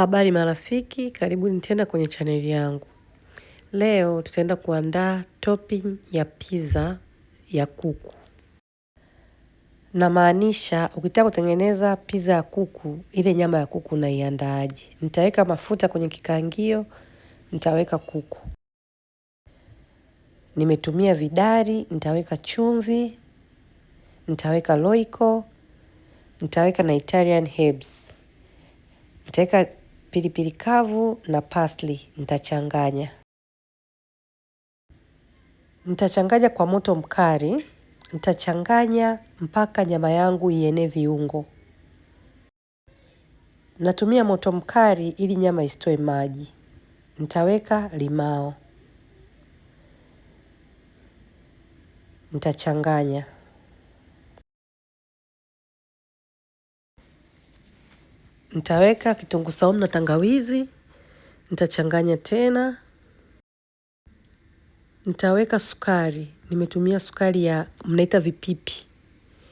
Habari marafiki, karibuni tena kwenye chaneli yangu. Leo tutaenda kuandaa topping ya pizza ya kuku. Namaanisha ukitaka kutengeneza pizza ya kuku, ile nyama ya kuku unaiandaaje? Nitaweka mafuta kwenye kikaangio, nitaweka kuku, nimetumia vidari, nitaweka chumvi, nitaweka loiko, nitaweka na Italian herbs nitaweka pilipili kavu na parsley nitachanganya. Nitachanganya kwa moto mkali, nitachanganya mpaka nyama yangu ienee viungo. Natumia moto mkali ili nyama isitoe maji. Nitaweka limao. Nitachanganya. Nitaweka kitunguu saumu na tangawizi, nitachanganya tena. Nitaweka sukari, nimetumia sukari ya mnaita vipipi,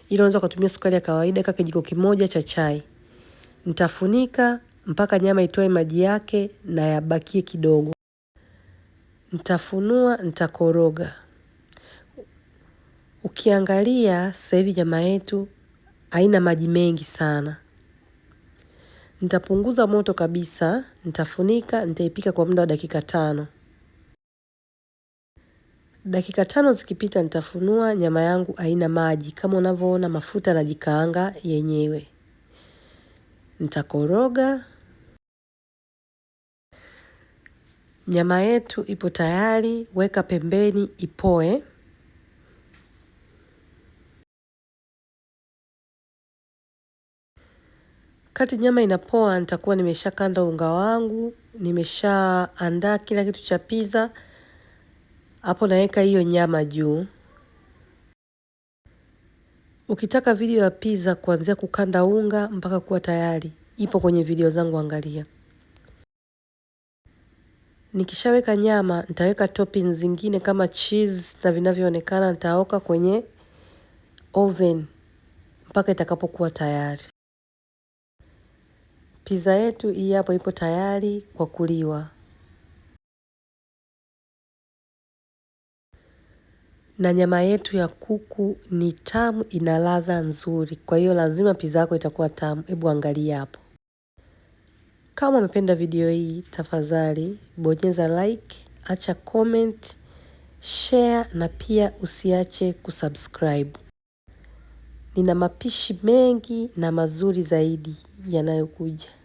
ila unaweza ukatumia sukari ya kawaida, ka kijiko kimoja cha chai. Nitafunika mpaka nyama itoe maji yake na yabakie kidogo. Nitafunua, nitakoroga. Ukiangalia sasa hivi nyama yetu haina maji mengi sana. Nitapunguza moto kabisa, nitafunika, nitaipika kwa muda wa dakika tano. Dakika tano zikipita nitafunua nyama yangu haina maji. Kama unavyoona mafuta jikaanga yenyewe. Nitakoroga. Nyama yetu ipo tayari, weka pembeni ipoe. Kati nyama inapoa nitakuwa nimeshakanda unga wangu, nimeshaandaa kila kitu cha pizza. Hapo naweka hiyo nyama juu. Ukitaka video ya pizza kuanzia kukanda unga mpaka kuwa tayari, ipo kwenye video zangu angalia. Nikishaweka nyama, nitaweka toppings zingine kama cheese na vinavyoonekana nitaoka kwenye oven mpaka itakapokuwa tayari. Pizza yetu hii hapo ipo tayari kwa kuliwa. Na nyama yetu ya kuku ni tamu, ina ladha nzuri. Kwa hiyo lazima pizza yako itakuwa tamu. Hebu angalia hapo. Kama umependa video hii, tafadhali bonyeza like, acha comment, share na pia usiache kusubscribe. Nina mapishi mengi na mazuri zaidi yanayokuja.